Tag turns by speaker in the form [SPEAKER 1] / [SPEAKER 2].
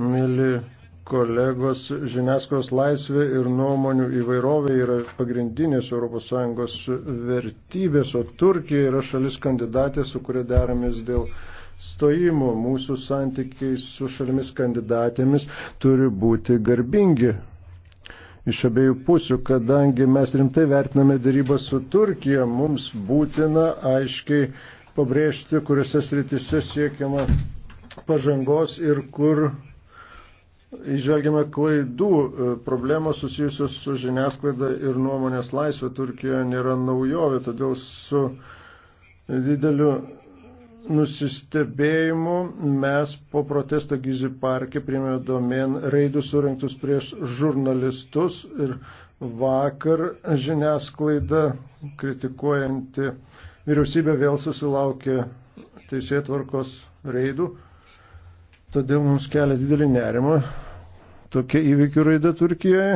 [SPEAKER 1] Mili kolegos, žiniasklaidos laisvė ir nuomonių įvairovė yra pagrindinės ES vertybės, o Turkija yra šalis kandidatė, su kuria deramės dėl stojimo. Mūsų santykiai su šalimis kandidatėmis turi būti garbingi. Iš abiejų pusių, kadangi mes rimtai vertiname darybą su Turkija, mums būtina aiškiai pabrėžti, kuriuose sritise siekiama pažangos ir kur Išvelgiame klaidų e, problemos susijusios su žiniasklaida ir nuomonės laisvė Turkijoje nėra naujovė, todėl su dideliu nusistebėjimu mes po protesto Gizi parke priėmėme domen reidus surinktus prieš žurnalistus ir vakar žiniasklaida kritikuojanti vyriausybė vėl susilaukė teisėtvarkos reidų. Todėl mums kelia didelį nerimą tokia įvykių raida Turkijoje.